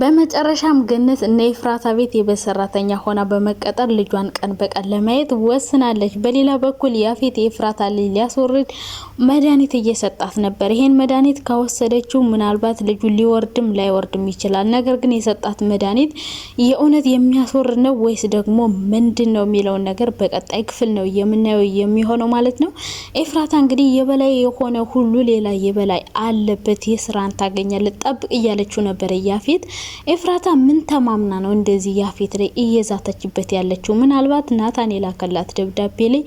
በመጨረሻም ገነት እነ ኤፍራታ ቤት የቤት ሰራተኛ ሆና በመቀጠር ልጇን ቀን በቀን ለማየት ወስናለች። በሌላ በኩል ያፌት የኤፍራታ ልጅ ሊያስወርድ መድኃኒት እየሰጣት ነበር። ይሄን መድኃኒት ከወሰደችው ምናልባት ልጁ ሊወርድም ላይወርድም ይችላል። ነገር ግን የሰጣት መድኃኒት የእውነት የሚያስወርድ ነው ወይስ ደግሞ ምንድን ነው የሚለውን ነገር በቀጣይ ክፍል ነው የምናየው የሚሆነው ማለት ነው። ኤፍራታ እንግዲህ የበላይ የሆነ ሁሉ ሌላ የበላይ አለበት፣ የስራን ታገኛለህ ጠብቅ እያለችው ነበር ያፌት ኤፍራታ ምን ተማምና ነው እንደዚህ ያፌት ላይ እየዛተችበት ያለችው? ምናልባት ናታን የላከላት ደብዳቤ ላይ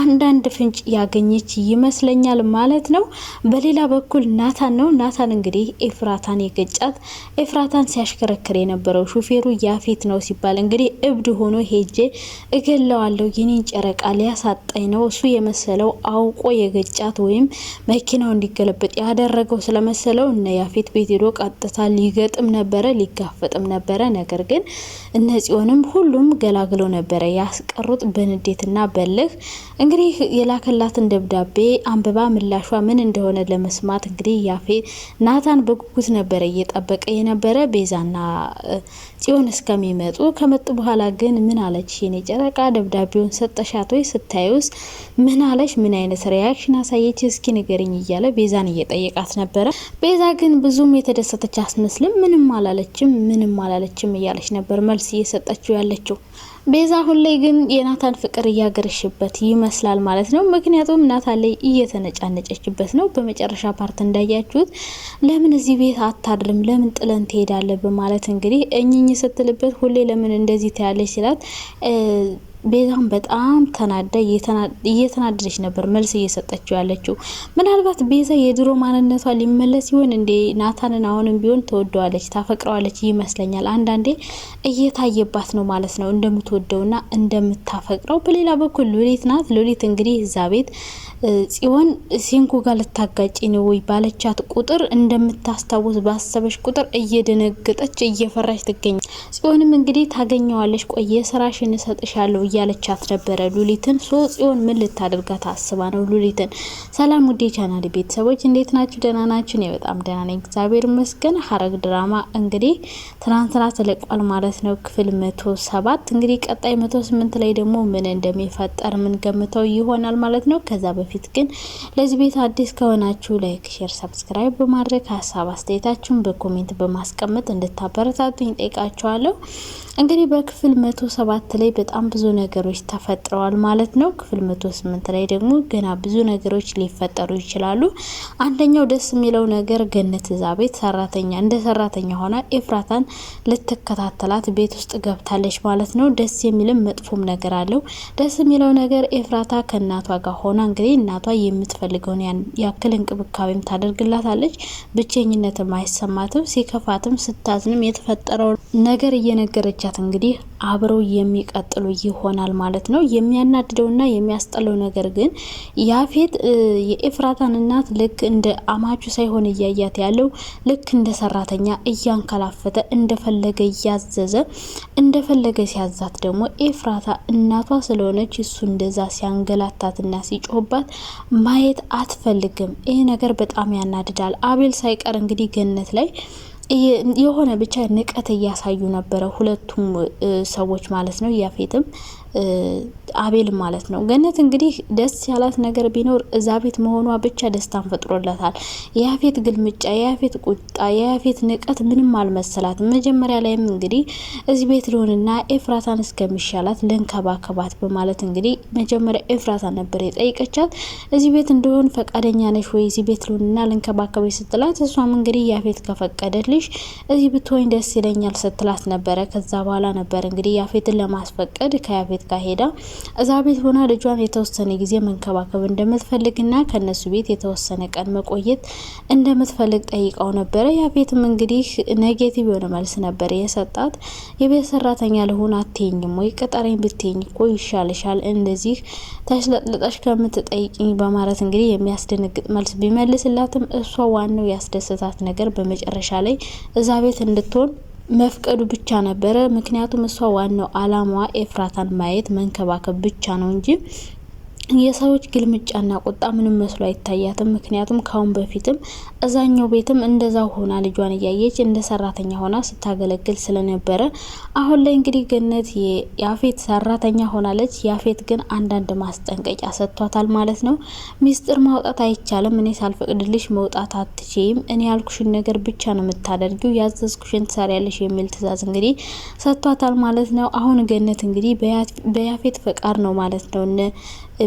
አንዳንድ ፍንጭ ያገኘች ይመስለኛል ማለት ነው። በሌላ በኩል ናታን ነው። ናታን እንግዲህ ኤፍራታን የገጫት ኤፍራታን ሲያሽከረክር የነበረው ሹፌሩ ያፌት ነው ሲባል እንግዲህ እብድ ሆኖ ሄጄ እገለዋለሁ የኔን ጨረቃ ሊያሳጣኝ ነው እሱ የመሰለው አውቆ የገጫት ወይም መኪናው እንዲገለበጥ ያደረገው ስለመሰለው እነ ያፌት ቤት ሄዶ ቀጥታ ሊገጥም ነበረ ሊጋፈጥም ነበረ። ነገር ግን እነ ሁሉም ገላግለው ነበረ ያስቀሩት በንዴትና በልህ። እንግዲህ የላከላትን ደብዳቤ አንብባ ምላሿ ምን እንደሆነ ለመስማት እንግዲህ ያፌ ናታን በጉጉት ነበረ እየጠበቀ የነበረ ቤዛና ጽዮን እስከሚመጡ። ከመጡ በኋላ ግን ምን አለች የኔ ጨረቃ ደብዳቤውን ሰጠሻት ወይ? ስታዩስ ምን አለች? ምን አይነት ሪያክሽን አሳየች? እስኪ ንገርኝ እያለ ቤዛን እየጠየቃት ነበረ። ቤዛ ግን ብዙም የተደሰተች አስመስልም። ምንም አላለ አላለችም፣ ምንም አላለችም እያለች ነበር መልስ እየሰጠችው ያለችው ቤዛ። አሁን ላይ ግን የናታን ፍቅር እያገረሽበት ይመስላል ማለት ነው። ምክንያቱም ናታን ላይ እየተነጫነጨችበት ነው። በመጨረሻ ፓርት እንዳያችሁት ለምን እዚህ ቤት አታድርም፣ ለምን ጥለን ትሄዳለ በማለት እንግዲህ እኝኝ ስትልበት ሁሌ ለምን እንደዚህ ትያለች ሲላት ቤዛም በጣም ተናዳ እየተናደደች ነበር መልስ እየሰጠችው ያለችው። ምናልባት ቤዛ የድሮ ማንነቷ ሊመለስ ይሆን እንዴ? ናታንን አሁንም ቢሆን ተወደዋለች፣ ታፈቅረዋለች ይመስለኛል። አንዳንዴ እየታየባት ነው ማለት ነው እንደምትወደውና እንደምታፈቅረው። በሌላ በኩል ሉሊት ናት። ሉሊት እንግዲህ እዛ ቤት ጽዮን ሲንኩ ጋር ልታጋጭ ነው ወይ ባለቻት ቁጥር እንደምታስታውስ ባሰበች ቁጥር እየደነገጠች እየፈራች ትገኛ ጽዮንም እንግዲህ ታገኘዋለች፣ ቆየ ስራሽን እሰጥሻለሁ እያለቻት ነበረ ሉሊትን። ሶ ጽዮን ምን ልታደርጋት አስባ ነው ሉሊትን? ሰላም ውዴ ቻናል ቤተሰቦች እንዴት ናችሁ? ደህና ናችሁ? እኔ በጣም ደህና ነኝ እግዚአብሔር ይመስገን። ሐረግ ድራማ እንግዲህ ትናንትና ተለቋል ማለት ነው ክፍል መቶ ሰባት እንግዲህ ቀጣይ መቶ ስምንት ላይ ደግሞ ምን እንደሚፈጠር ምን ገምተው ይሆናል ማለት ነው ከዛ በፊት በፊት ግን ለዚህ ቤት አዲስ ከሆናችሁ ላይክ፣ ሼር፣ ሰብስክራይብ በማድረግ ሀሳብ አስተያየታችሁን በኮሜንት በማስቀመጥ እንድታበረታቱኝ ጠይቃችኋለሁ። እንግዲህ በክፍል መቶ ሰባት ላይ በጣም ብዙ ነገሮች ተፈጥረዋል ማለት ነው። ክፍል መቶ ስምንት ላይ ደግሞ ገና ብዙ ነገሮች ሊፈጠሩ ይችላሉ። አንደኛው ደስ የሚለው ነገር ገነት እዛ ቤት ሰራተኛ እንደ ሰራተኛ ሆና ኤፍራታን ልትከታተላት ቤት ውስጥ ገብታለች ማለት ነው። ደስ የሚልም መጥፎም ነገር አለው። ደስ የሚለው ነገር ኤፍራታ ከእናቷ ጋር ሆና እንግዲህ እናቷ የምትፈልገውን ያክል እንክብካቤም ታደርግላታለች። ብቸኝነትም አይሰማትም። ሲከፋትም ስታዝንም የተፈጠረው ነገር እየነገረቻት እንግዲህ አብረው የሚቀጥሉ ይሆናል ማለት ነው። የሚያናድደውና የሚያስጠላው ነገር ግን ያፌት የኤፍራታን እናት ልክ እንደ አማቹ ሳይሆን እያያት ያለው ልክ እንደ ሰራተኛ እያንከላፈተ እንደፈለገ እያዘዘ እንደፈለገ ሲያዛት ደግሞ ኤፍራታ እናቷ ስለሆነች እሱ እንደዛ ሲያንገላታትና ሲጮህባት ማየት አትፈልግም። ይህ ነገር በጣም ያናድዳል። አቤል ሳይቀር እንግዲህ ገነት ላይ የሆነ ብቻ ንቀት እያሳዩ ነበረ ሁለቱም ሰዎች ማለት ነው፣ ያፌትም አቤልም ማለት ነው። ገነት እንግዲህ ደስ ያላት ነገር ቢኖር እዛ ቤት መሆኗ ብቻ ደስታን ፈጥሮላታል። የያፌት ግልምጫ፣ የያፌት ቁጣ፣ የያፌት ንቀት ምንም አልመሰላት። መጀመሪያ ላይም እንግዲህ እዚህ ቤት ልሆንና ኤፍራታን እስከሚሻላት ልንከባከባት በማለት እንግዲህ መጀመሪያ ኤፍራታን ነበር የጠይቀቻት። እዚህ ቤት እንደሆን ፈቃደኛ ነሽ ወይ? እዚህ ቤት ልሆንና ልንከባከበች ስትላት እሷም እንግዲህ ያፌት ከፈቀደልሽ ብነግርሽ እዚህ ብትሆኝ ደስ ይለኛል ስትላት ነበረ። ከዛ በኋላ ነበር እንግዲህ ያፌትን ለማስፈቀድ ከያፌት ጋር ሄዳ እዛ ቤት ሆና ልጇን የተወሰነ ጊዜ መንከባከብ እንደምትፈልግና ከእነሱ ቤት የተወሰነ ቀን መቆየት እንደምትፈልግ ጠይቀው ነበረ። ያፌትም እንግዲህ ኔጌቲቭ የሆነ መልስ ነበር የሰጣት። የቤት ሰራተኛ ልሆን አትኝም ወይ ቀጠረኝ ብትኝ እኮ ይሻልሻል እንደዚህ ተሽለጥለጠሽ ከምትጠይቅኝ በማለት እንግዲህ የሚያስደነግጥ መልስ ቢመልስላትም እሷ ዋናው ያስደሰታት ነገር በመጨረሻ ላይ እዛ ቤት እንድትሆን መፍቀዱ ብቻ ነበረ። ምክንያቱም እሷ ዋናው አላማዋ ኤፍራታን ማየት መንከባከብ ብቻ ነው እንጂ የሰዎች ግልምጫና ቁጣ ምንም መስሎ አይታያትም። ምክንያቱም ካሁን በፊትም እዛኛው ቤትም እንደዛው ሆና ልጇን እያየች እንደ ሰራተኛ ሆና ስታገለግል ስለነበረ አሁን ላይ እንግዲህ ገነት የአፌት ሰራተኛ ሆናለች። የአፌት ግን አንዳንድ ማስጠንቀቂያ ሰጥቷታል ማለት ነው። ሚስጥር ማውጣት አይቻልም፣ እኔ ሳልፈቅድልሽ መውጣት አትችይም፣ እኔ ያልኩሽን ነገር ብቻ ነው የምታደርጊው፣ ያዘዝኩሽን ትሰሪያለሽ የሚል ትዕዛዝ እንግዲህ ሰጥቷታል ማለት ነው። አሁን ገነት እንግዲህ በያፌት ፈቃድ ነው ማለት ነው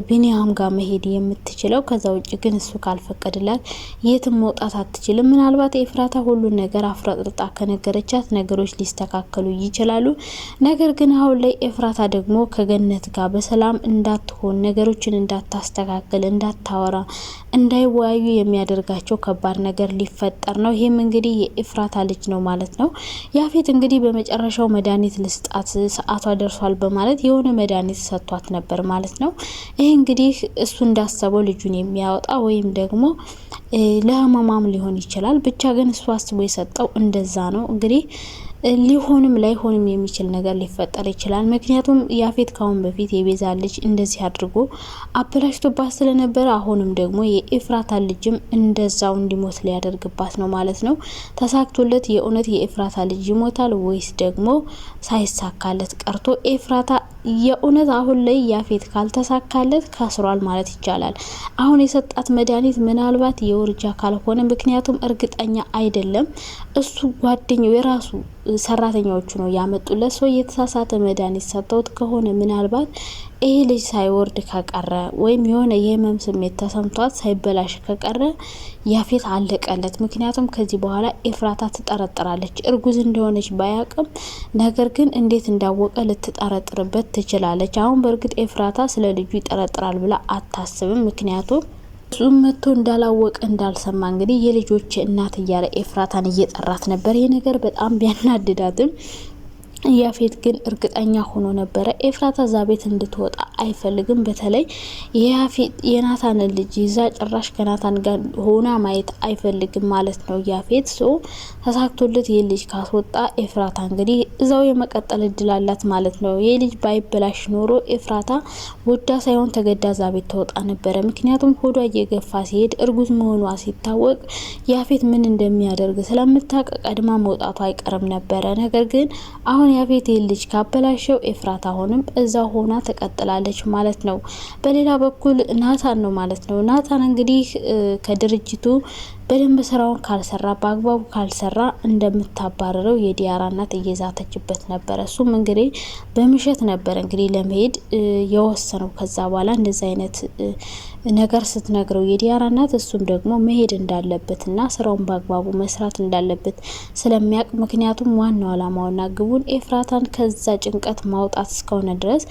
ቢኒያም ጋር መሄድ የምትችለው። ከዛ ውጭ ግን እሱ ካልፈቀድላት የትም መውጣት አትችልም። ምናልባት የፍራታ ሁሉን ነገር አፍረጥርጣ ከነገረቻት ነገሮች ሊስተካከሉ ይችላሉ። ነገር ግን አሁን ላይ ኤፍራታ ደግሞ ከገነት ጋር በሰላም እንዳትሆን ነገሮችን እንዳታስተካከል፣ እንዳታወራ፣ እንዳይወያዩ የሚያደርጋቸው ከባድ ነገር ሊፈጠር ነው። ይህም እንግዲህ የኤፍራታ ልጅ ነው ማለት ነው። ያፌት እንግዲህ በመጨረሻው መድኃኒት ልስጣት ሰዓቷ ደርሷል በማለት የሆነ መድኃኒት ሰጥቷት ነበር ማለት ነው። ይህ እንግዲህ እሱ እንዳሰበው ልጁን የሚያወጣ ወይም ደግሞ ለህመማም ሊሆን ይችላል። ብቻ ግን እሱ አስቦ የሰጠው እንደዛ ነው። እንግዲህ ሊሆንም ላይሆንም የሚችል ነገር ሊፈጠር ይችላል። ምክንያቱም ያፌት ካሁን በፊት የቤዛ ልጅ እንደዚህ አድርጎ አበላሽቶባት ስለነበረ አሁንም ደግሞ የኤፍራታ ልጅም እንደዛው እንዲሞት ሊያደርግባት ነው ማለት ነው። ተሳክቶለት የእውነት የኤፍራታ ልጅ ይሞታል ወይስ ደግሞ ሳይሳካለት ቀርቶ ኤፍራታ የእውነት አሁን ላይ ያፌት ካልተሳካለት ካስሯል ማለት ይቻላል። አሁን የሰጣት መድኃኒት ምናልባት የውርጃ ካልሆነ ምክንያቱም እርግጠኛ አይደለም። እሱ ጓደኛው የራሱ ሰራተኛዎቹ ነው ያመጡለት ሰው የተሳሳተ መድኃኒት ሰጠውት ከሆነ ምናልባት ይህ ልጅ ሳይወርድ ከቀረ ወይም የሆነ የህመም ስሜት ተሰምቷት ሳይበላሽ ከቀረ ያፌት አለቀለት። ምክንያቱም ከዚህ በኋላ ኤፍራታ ትጠረጥራለች። እርጉዝ እንደሆነች ባያቅም ነገር ግን እንዴት እንዳወቀ ልትጠረጥርበት ትችላለች። አሁን በእርግጥ ኤፍራታ ስለ ልጁ ይጠረጥራል ብላ አታስብም። ምክንያቱም እሱም መጥቶ እንዳላወቀ እንዳልሰማ እንግዲህ የልጆች እናት እያለ ኤፍራታን እየጠራት ነበር። ይህ ነገር በጣም ቢያናድዳትም ያፌት ግን እርግጠኛ ሆኖ ነበረ ኤፍራታ እዛ ቤት እንድትወጣ አይፈልግም። በተለይ የያፌት የናታንን ልጅ ይዛ ጭራሽ ከናታን ጋር ሆና ማየት አይፈልግም ማለት ነው። ያፌት ሶ ተሳክቶለት ይህ ልጅ ካስወጣ ኤፍራታ እንግዲህ እዛው የመቀጠል እድል አላት ማለት ነው። ይህ ልጅ ባይበላሽ ኖሮ ኤፍራታ ወዳ ሳይሆን ተገዳ እዛ ቤት ተወጣ ነበረ። ምክንያቱም ሆዷ እየገፋ ሲሄድ እርጉዝ መሆኗ ሲታወቅ ያፌት ምን እንደሚያደርግ ስለምታውቅ ቀድማ አይቀርም ነበረ። ነገር ግን አሁን የቤቴ ልጅ ካበላሸው ኤፍራት አሁንም እዛው ሆና ተቀጥላለች ማለት ነው። በሌላ በኩል ናታን ነው ማለት ነው። ናታን እንግዲህ ከድርጅቱ በደንብ ስራውን ካልሰራ በአግባቡ ካልሰራ እንደምታባረረው የዲያራ እናት እየዛተችበት ነበረ። እሱም እንግዲህ በምሽት ነበረ እንግዲህ ለመሄድ የወሰነው። ከዛ በኋላ እንደዚህ አይነት ነገር ስትነግረው የዲያራ እናት እሱም ደግሞ መሄድ እንዳለበት እና ስራውን በአግባቡ መስራት እንዳለበት ስለሚያውቅ ምክንያቱም ዋናው አላማውና ግቡን ኤፍራታን ከዛ ጭንቀት ማውጣት እስከሆነ ድረስ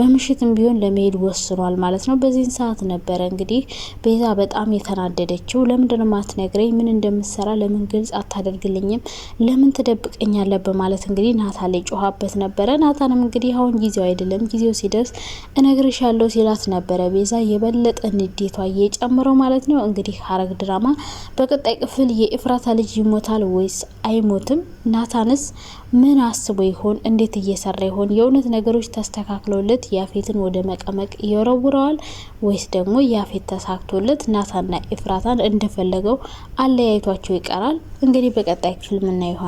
በምሽትም ቢሆን ለመሄድ ወስኗል ማለት ነው። በዚህን ሰዓት ነበረ እንግዲህ ቤዛ በጣም የተናደደችው ለምንድን ማት ሳትነግረኝ ምን እንደምትሰራ ለምን ግልጽ አታደርግልኝም? ለምን ትደብቀኛለህ? በማለት እንግዲህ ናታ ላይ ጮኋበት ነበረ። ናታንም እንግዲህ አሁን ጊዜው አይደለም፣ ጊዜው ሲደርስ እነግርሻለሁ ሲላት ነበረ። ቤዛ የበለጠ ንዴቷ እየጨመረው ማለት ነው። እንግዲህ ሀረግ ድራማ በቀጣይ ክፍል የኤፍራታ ልጅ ይሞታል ወይስ አይሞትም? ናታንስ ምን አስቦ ይሆን? እንዴት እየሰራ ይሆን? የእውነት ነገሮች ተስተካክለውለት ያፌትን ወደ መቀመቅ ይወረውረዋል ወይስ ደግሞ ያፌት ተሳክቶለት ናታና ኤፍራታን እንደፈለገው አለያይቷቸው ይቀራል። እንግዲህ በቀጣይ ክፍል የምናየው